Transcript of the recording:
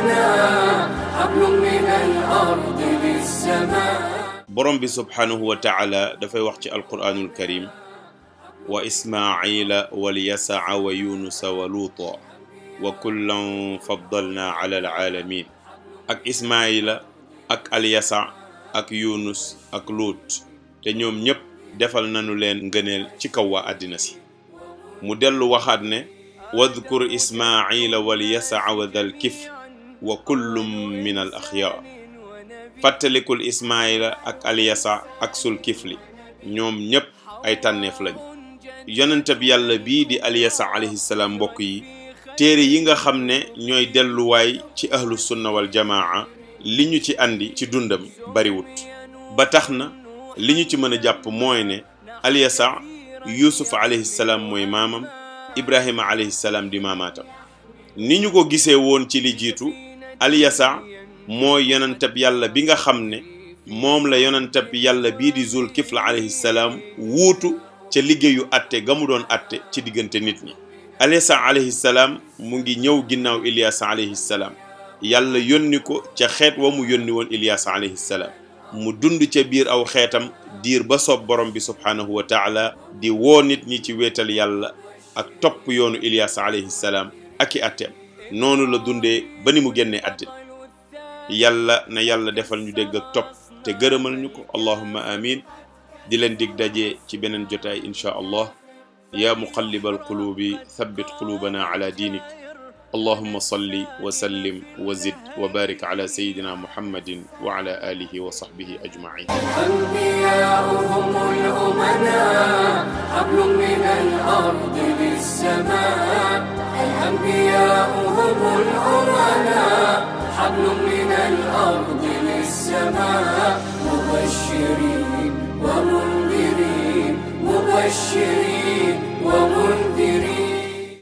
لنا حبل من الأرض للسماء borom bi subhaanahu wa taala dafay wax ci alquraanul karim wa ismaila wal yasaa wa yunusa wa luuta wa kullan faddalna ala alaalamin ak ismaila ak al yasa ak yunus ak luut te ñoom ñépp defal nañu leen ngëneel ci kaw waa àddina si mu dellu waxaat ne wadkur ismaila wal yasaa wa dal kif wa kullum min al axyaar fàttalikul ismaila ak alyasa ak sulkifli ñoom ñépp ay tànneef lañ yonente yàlla bii di alyasa alayhi salaam mbokk yi téere yi nga xam ne ñooy delluwaay ci ahlu sunna wal jamaa li ñu ci indi ci dundam bariwut ba tax na li ñu ci mën a jàpp mooy ne alyasa yusuf alayhi salaam mooy maamam ibrahima alayhi salaam di maamaatam ni ñu ko gisee woon ci li Alyasa mooy yonentab yàlla bi nga xam ne moom la yonentab yàlla bii di Zul Kifla alayhi salaam wuutu ca liggéeyu atte ga mu doon atte ci diggante nit ñi. Alyasa alayhi salaam mu ngi ñëw ginnaaw Ilyasa alayhi salaam yàlla yónni ko ca xeet wa mu yónni woon Ilyasa alayhi salaam mu dund ca biir aw xeetam diir ba soob borom bi subhaanahu wa taala di woo nit ñi ci wéetal yàlla ak topp yoonu Ilyasa alayhi salaam ak i atteem. noonu la dundee ba ni mu génnee àddina yàlla na yàlla defal ñu dégg ak topp te gërëmal ñu ko allahumma amin di leen dig daje ci beneen jotaay incha allah yaa muqallibal quluubi thabbit quluubana ala diinik allahumma salli wa sallim wa zid wa barik ala sayyidina muhammadin wa ala alihi wa sahbihi ajmain قلوب الأمناء حبل من الأرض للسماء مبشرين ومنذرين مبشرين